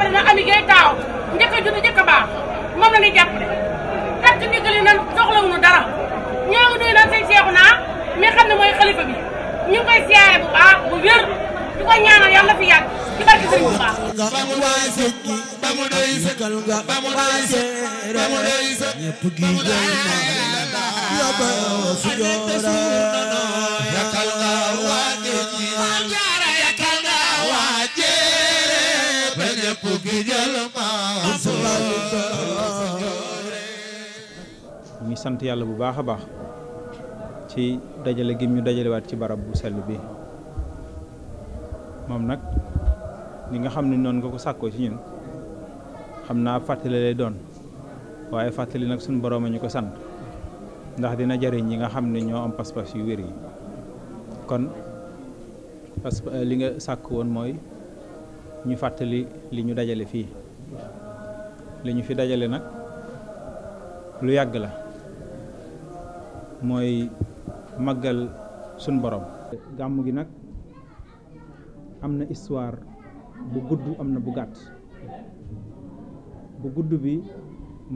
jàppale na ami gay taaw njëkk a junni njëkk a baax moom la ñuy jàppale takk ndigali nan soxlawuñu dara ñoo ngi nuyu nag sëñ Seexu naa mi xam ne mooy xalifa bi ñu ngi koy siyaare bu baax bu wér di ko ñaanal yàlla fi yàgg ci barke sëriñ bu baax ba mu waay sëñ gi ba mu doy sëkkal nga ba mu waay seere ba mu doy sëkk ñëpp gi jooy na yóbboo su joora yakkal nga waa mu ngi sant yàlla bu baax a baax ci dajale gi mu dajalewaat ci barab bu sell bi moom nag li nga xam ne noonu nga ko sàkkoo ci ñun xam naa fàttali lay doon waaye fàttali nag suñu borom a ñu ko sant ndax dina jariñ ñi nga xam ne ñoo am pas-pas yu wér yi kon parce que li nga sàkk woon mooy ñu fàttali li ñu dajale fii li ñu fi dajale nag lu yàgg la mooy màggal suñ borom gàmm gi nag am na histoire bu gudd am na bu gàtt bu gudd bi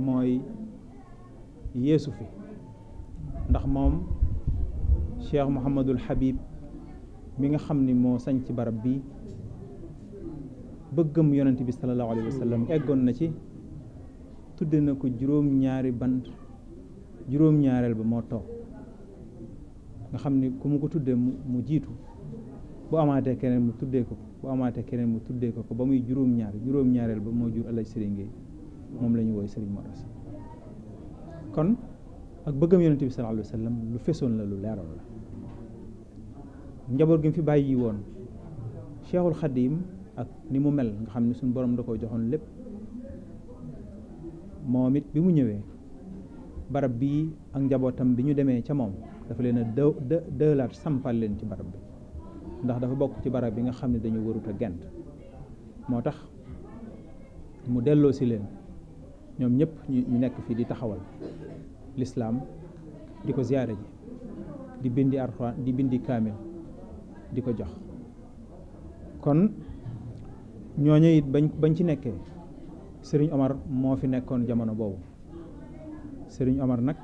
mooy yeesu fi ndax moom Cheikh Mouhamadul Habib mi nga xam ni moo sañ ci barab bi bëggam yonent bi sallallahu alayhi wa sallam eggoon na ci tudde na ko juróom-ñaari bant juróom-ñaareel ba moo toog nga xam ni ku mu ko tuddee mu jiitu bu amaatee keneen mu tuddee ko bu amaatee keneen mu tuddee ko ko ba muy juróom-ñaar juróom-ñaareel ba moo jur Alaaji Sëriñ moom la ñu woy Sëriñ Mor Asta kon ak bëggam yonent bi sallallahu alayhi lu fesoon la lu leeroon la njaboot gi mu fi bàyyi woon Cheikhul Khadim ak ni mu mel nga xam ne suñu borom da koo joxoon lépp moom it bi mu ñëwee barab bii ak njabootam bi ñu demee ca moom dafa leen a dë dë sampal leen ci barab bi ndax dafa bokk ci barab bi nga xam ne dañu warut gent moo tax mu delloo si leen ñoom ñépp ñu nekk fii di taxawal lislaam di ko ziyaare ji di bindi arxuraan di bindi kaamil di ko jox kon ñooñu it bañ bañ ci nekkee sëriñ Omar moo fi nekkoon jamono boobu sëriñ Omar nag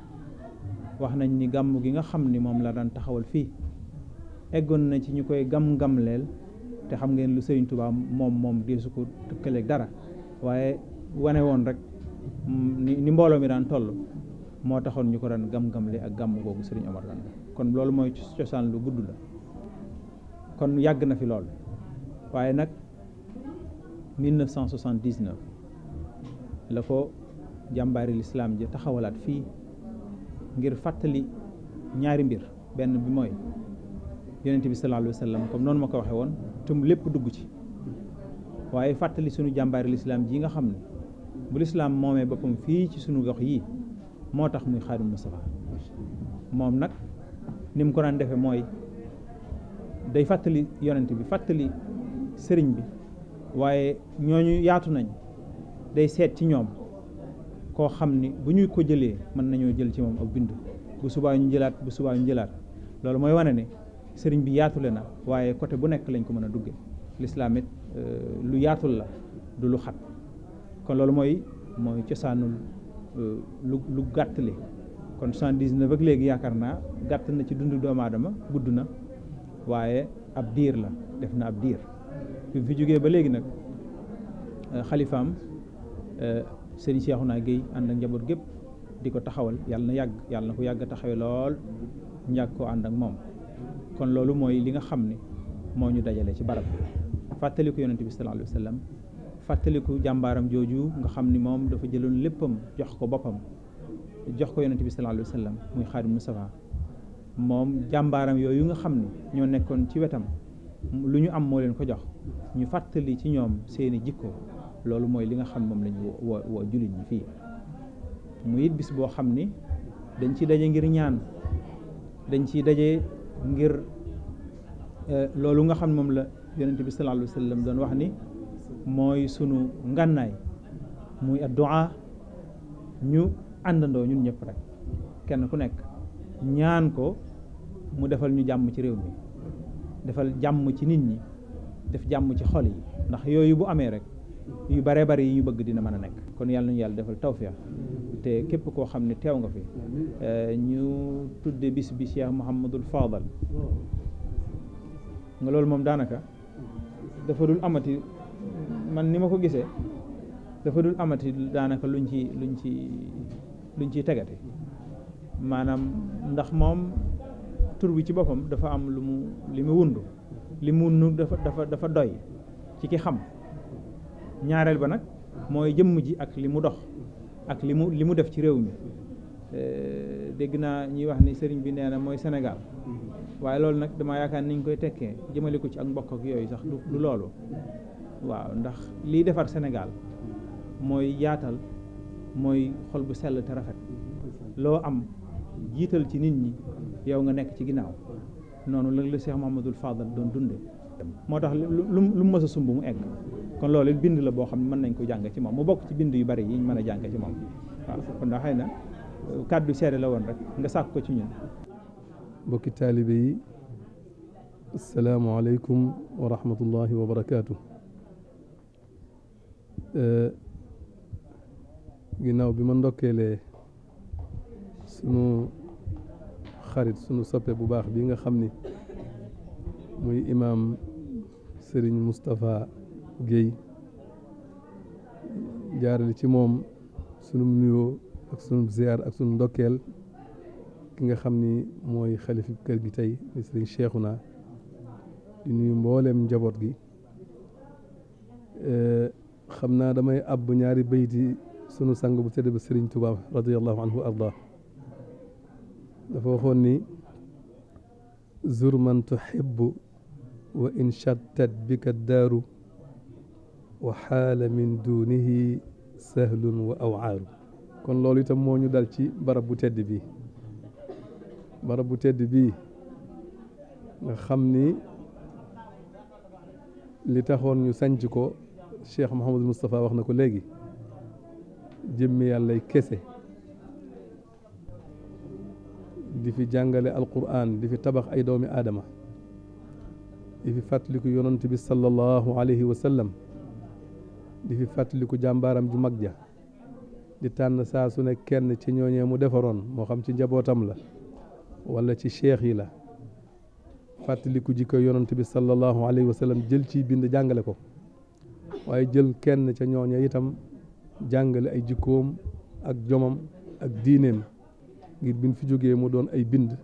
wax nañ ni gàmm gi nga xam ni moom la daan taxawal fii eggoon na ci ñu koy gam-gam leel te xam ngeen lu sëriñ Touba moom moom deesu ko tëkkaleeg dara waaye wane woon rek ni mbooloo mi daan toll moo taxoon ñu ko daan gam-gamle ak gàmm googu sëriñ Omar daan kon loolu mooy cosaan lu gudd la kon yàgg na fi lool waaye nag 1979 la ko jàmbaari lislaam ji taxawalaat fii ngir fàttali ñaari mbir benn bi mooy yonent bi sallallahu alayhi wa sallam comme noonu ma ko waxee woon te lépp dugg ci waaye fàttali sunu jàmbaari lislaam ji nga xam ne bu lislaam moomee boppam fii ci sunu gox yi moo tax muy xaadim Mustafa moom nag ni mu ko daan defee mooy day fàttali yonent bi fàttali sëriñ bi waaye ñooñu yaatu nañ day seet ci ñoom koo xam ni bu ñuy ko jëlee mën nañoo jël ci moom ak bind bu subaa ñu njëlaat bu subaa ñu jëlaat loolu mooy wane ni sëriñ bi yaatule na waaye côté bu nekk lañ ko mën a dugge lislaam it euh, lu yaatul la du lu xat kon loolu mooy mooy cosaanul euh, lu lu gàttali kon soixante-dix-neuf ak léegi yaakaar naa gàtt na ci dundu doomu aadama gudd na waaye ab diir la def na ab diir bi fi jógee ba léegi nag euh, xalifaam sëriñ naa Guèye ànd ak njaboot gépp di ko taxawal yàlla na yàgg yàlla na ko yàgg a taxawe lool ñàkk ko ànd ak moom kon loolu mooy li nga xam ne moo ñu dajale ci barab fàttaliku yonente bi sallallahu la wa sallam fàttaliku jàmbaaram jooju nga xam ni moom dafa jëloon léppam jox ko boppam jox ko yonente bi sallallahu alayhi wa sallam muy xaadim Mustafa moom jàmbaaram yooyu nga xam ne ñoo nekkoon ci wetam lu ñu am moo leen ko jox ñu fàttali ci ñoom seeni jikkoo loolu mooy li nga xam moom lañu woo woo jullit ñi fii mu it bis boo xam ni dañ ci daje ngir ñaan dañ ci daje ngir eh, loolu nga xam moom la yonente bi sallallahu alayhi wa sallam doon wax ni mooy sunu ngànnaay muy addu'a ñu àndandoo ñun ñëpp rek kenn ku nekk ñaan ko mu defal ñu jàmm ci réew mi defal jàmm ci nit ñi def jàmm ci xol yi ndax yooyu bu amee rek yu baree bari yi ñu bëgg dina mën a nekk kon yàlla nañu yàlla defal tawféex te képp koo xam ne teew nga fi eh, ñu tudde bis bi Cheikh Mouhamadul Fadal nga loolu moom daanaka dafa dul amati man ni ma ko gisee dafa dul amati daanaka luñ ci luñ ci luñ ciy tegate maanaam ndax moom tur bi ci boppam dafa am lu mu li mu wundu li mu nu dafa dafa dafa doy ci ki xam ñaareel ba nag mooy jëmm ji ak li mu dox ak li mu li mu def ci réew mi euh, dégg naa ñuy wax ni sëriñ bi nee na mooy Sénégal waaye loolu nag dama yaakaar ni koy tekkee jëmale ko ci ak mbokk ak yooyu sax du loolu waaw ndax liy defar Sénégal mooy yaatal mooy xol bu sell te rafet loo am jiital ci nit ñi yow nga nekk ci ginnaaw noonu la la Cheikh Mouhamadul Fadal doon dunde moo tax lu lu mës a sumb mu egg kon loolu bind la boo xam ne mën nañ ko jàng ci moom mu bokk ci bind yu bari yi ñu mën a jàng ci moom waaw kon da xay na euh, kàddu seere la woon rek nga sàkk ko ci ñun mbokki taalibe yi asalaamualeykum wa rahmatullahi wa barakaatu euh, ginnaaw bi ma ndokkeelee sunu xarit sunu soppe bu baax bi nga xam ni muy imaam Serigne Moustapha Guèye jaarale ci moom sunu nuyoo ak sunu ziar ak sunu ndokkeel ki nga xam ni mooy xalifi kër gi tey di Serigne na di nuyu mbooleem njaboot gi eh, xam naa damay àbb ñaari bayti sunu sang bu tedd ba Serigne Touba radiyallahu anhu dafa waxoon ni zur man tuxibu wa in chattat bika daaru wa xaala min dunihi sahlun wa awaaru kon loolu itam moo ñu dal ci barab bu tedd bii barab bu tedd bii nga xam ni li taxoon ñu sanc ko cheikh Mouhamadul Moustapha wax na ko léegi jëmmi yàllay kese di fi jàngale alquran di fi tabax ay doomi aadama di fi fàttaliku yonent bi sallallahu alayhi wa di fi fàttaliku jàmbaaram ju mag ja di tànn saa su ne kenn ci ñooñee mu defaroon moo xam ci njabootam la walla ci cheikh yi la fàttaliku jikko yonent bi sallallahu alayhi wa sallam jël ciy bind jàngale ko waaye jël kenn ca ñooñee itam jàngale ay jikkoom ak jomam ak diineem ngir bi biñ fi jógee mu doon ay bind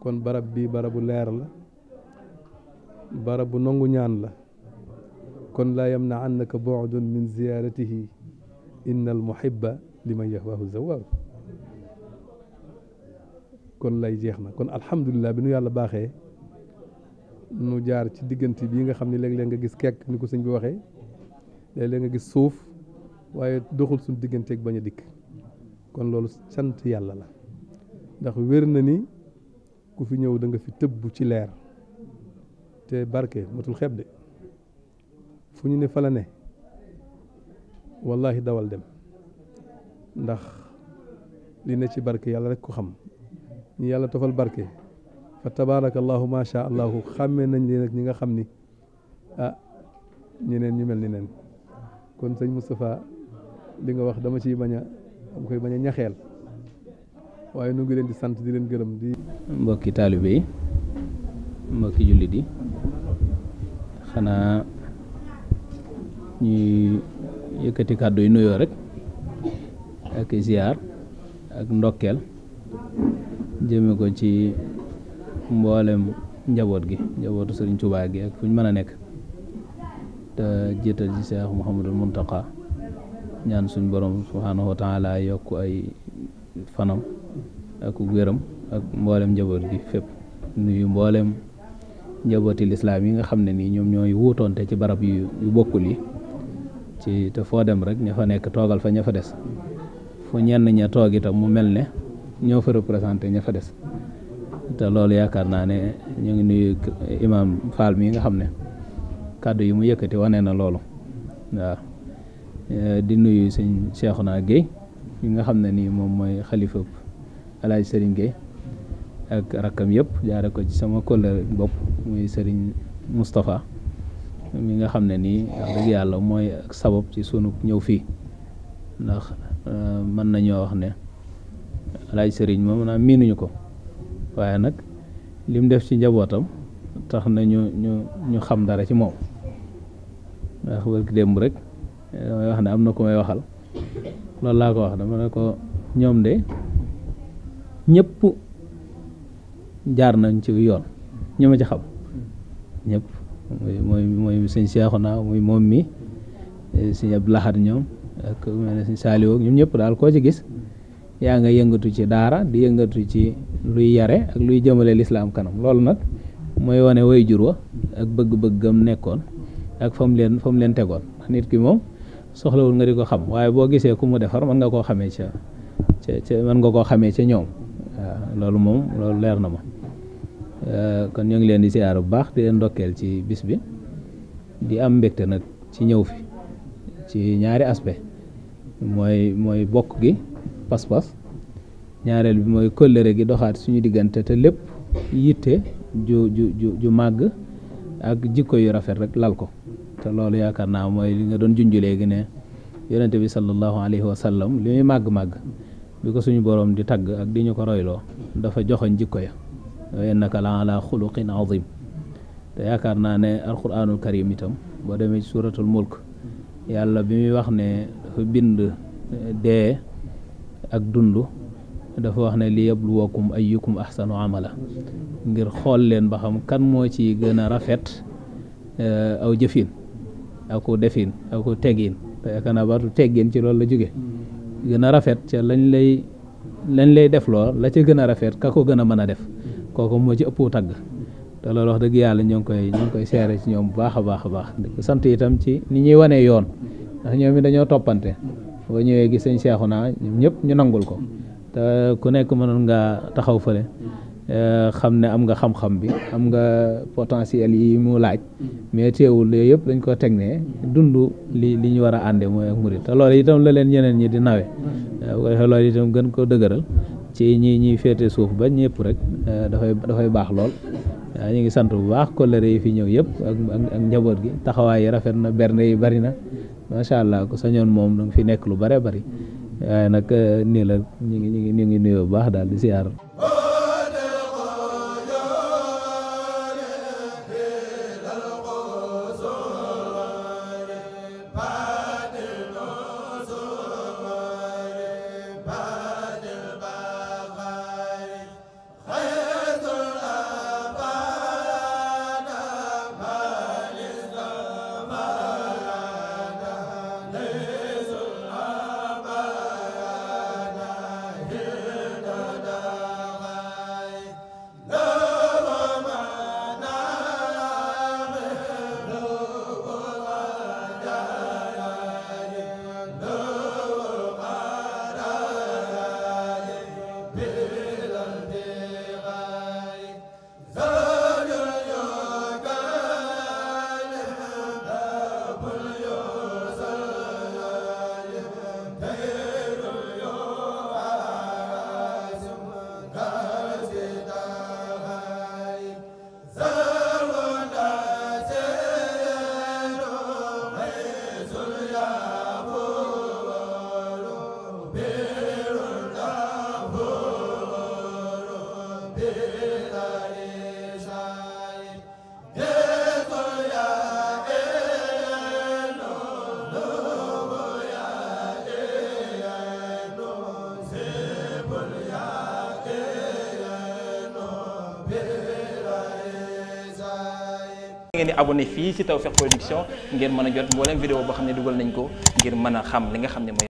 kon barab bi barabu leer la barabu nangu ñaan la kon laa yamna annaka bu'dun min ziyaaratihi inna al muhibba liman yahwahu zawwaab kon lay jeex na kon alhamdulilah bi nu yàlla baaxee nu jaar ci diggante bii nga xam ne léeg-léeg nga gis kekk ni ko sëñ bi waxee léeg-léeg nga gis suuf waaye doxul suñ digganteeg bañ a dikk kon loolu sant yàlla la ndax wér na ni ku fi ñëw da nga fi tëbb ci leer te barke matul xeeb de fu ñu ne fa la ne wallahi dawal dem ndax li ne ci barke yàlla rek ko xam ñi yàlla tofal barke fa tabaraka allahu ma sha allahu xàmmee nañ leen ak ñi nga xam ni ah ñeneen ñu mel ni neen kon sëñ Moustapha li nga wax dama ciy bañ a am koy bañ a ñaxeel waaye nu ngi leen di sant di leen gërëm di mbokki taalibe yi mbokki jullit yi xanaa ñuy yëkkati kàddu yu nuyoo rek ak ziar ak ndokkeel jëme ko ci mboolem njaboot gi njabootu Sëriñ Tuubaa gi ak fu mën a nekk te jiital ci Seex Muhammadul Muntaqa ñaan suñ borom subhaanahu wa taala yokk ay fanam ak wéram ak mboolem njaboot gi fépp nuyu mboolem njabooti lislaam yi nga xam ne nii ñoom ñooy wuutoonte ci barab yu yu bokkul yi ci te foo dem rek ña fa nekk toogal fa ña fa des fu ñenn ña toog itam mu mel ne ñoo fa représenté ña fa des te loolu yaakaar naa ne ñu ngi nuyu imaam Fall mi nga xam ne kàddu yi mu yëkkati wane na loolu waa Eh, di nuyu sëñ naa Guèye mi nga xam ne nii moom mooy xalifa El sëriñ Serigne ak rakkam yëpp jaare ko ci sama kóllëre bopp muy sëriñ Moustapha mi nga xam ne nii wax yàlla mooy ak sabab ci sunu ñëw fii ndax eh, mën nañoo wax ne El Hadj Serigne moom naa miinuñu ko waaye nag lim def ci njabootam tax na ñu ñu ñu xam dara ci moom ndax wër démb rek. damay wax ne am na ko may waxal loolu laa ko wax dama ne ko ñoom de ñépp jaar nañ ci yoon ñi ma ci xam ñëpp mooy mooy moom mi sëñ Abdu Lahat ñoom ak mel ne sëñ Saaliw ñoom ñëpp daal koo ci gis yaa nga yëngatu ci daara di yëngatu ci luy yare ak luy jëmale lislaam kanam loolu nag mooy wane way jur wa ak bëgg-bëggam nekkoon ak fa mu leen fa mu leen tegoon nit ki moom soxlawul nga di ko xam waaye boo gisee ku mu defar mën nga koo xamee ca ca ca mën nga koo xamee ca ñoom waaw loolu moom loolu leer na ma euh, kon ñu ngi leen di siyaar bu baax di leen ndokkeel ci bis bi di am mbégte nag ci ñëw fi ci ñaari aspect mooy mooy bokk gi pas-pas ñaareel bi mooy kóllëre gi doxaat suñu diggante te lépp yitte ju ju ju ju màgg ak jikko yu rafet rek lal ko te loolu yaakaar naa mooy li nga doon junj léegi ne yonente bi sallallahu alayhi wa li muy màgg-màgg bi ko suñu boroom di tagg ak di ñu ko royloo dafa joxoñ jikko ya wa innaka la ala xuluqin azim te yaakaar naa ne alquranul karim itam boo demee suuratul suratul mulk yàlla bi muy wax ne dafa bind eh, dee ak dund dafa wax ne li yabluwakum ayyukum ahsanu amala ngir xool leen ba xam kan moo ci gën a rafet eh, aw jëfin ak defin ak tegin te yaakaar naa baatu teggin ci loolu la jóge gën a rafet ca lañ lay lañ lay def loo la ca gën a rafet ka ko gën a mën a def kooku moo ci ëpp tagg te loolu wax dëgg yàlla ñoo ngi koy ñoo ngi koy seere ci ñoom bu baax a baax a baax sant itam ci ni ñuy wanee yoon ndax ñoom dañoo toppante boo ñëwee gis sëñ Seexuna ñoom ñëpp ñu nangul ko te ku nekk mënoon ngaa taxaw fële Euh, xam ne am nga xam-xam bi am nga potentiel yi mu laaj mm-hmm. mais teewul yooyu yëpp dañ ko teg ne mm-hmm. dund li li ñu war a àndee mooy ak murit te yi itam la leen ñeneen ñi di nawe mm-hmm. euh, bu ko defee gën ko dëgëral ci ñi ñuy féete suuf ba ñëpp rek euh, dafay dafay baax lool ñu ngi sant bu baax collègue yi fi ñëw yëpp ak ak njaboot gi taxawaay yi rafet na bernde yi bari na macha allah ku sañoon moom da nga fi nekk lu bare bari waaye nag nii la ñu ngi ñu ngi ñu ngi nuyoo bu baax daal di siyaar abonné fii si Tawfekh Production ngeen mën a jot mboolem vidéo boo xam ne dugal nañ ko ngir mën a xam li nga xam ne mooy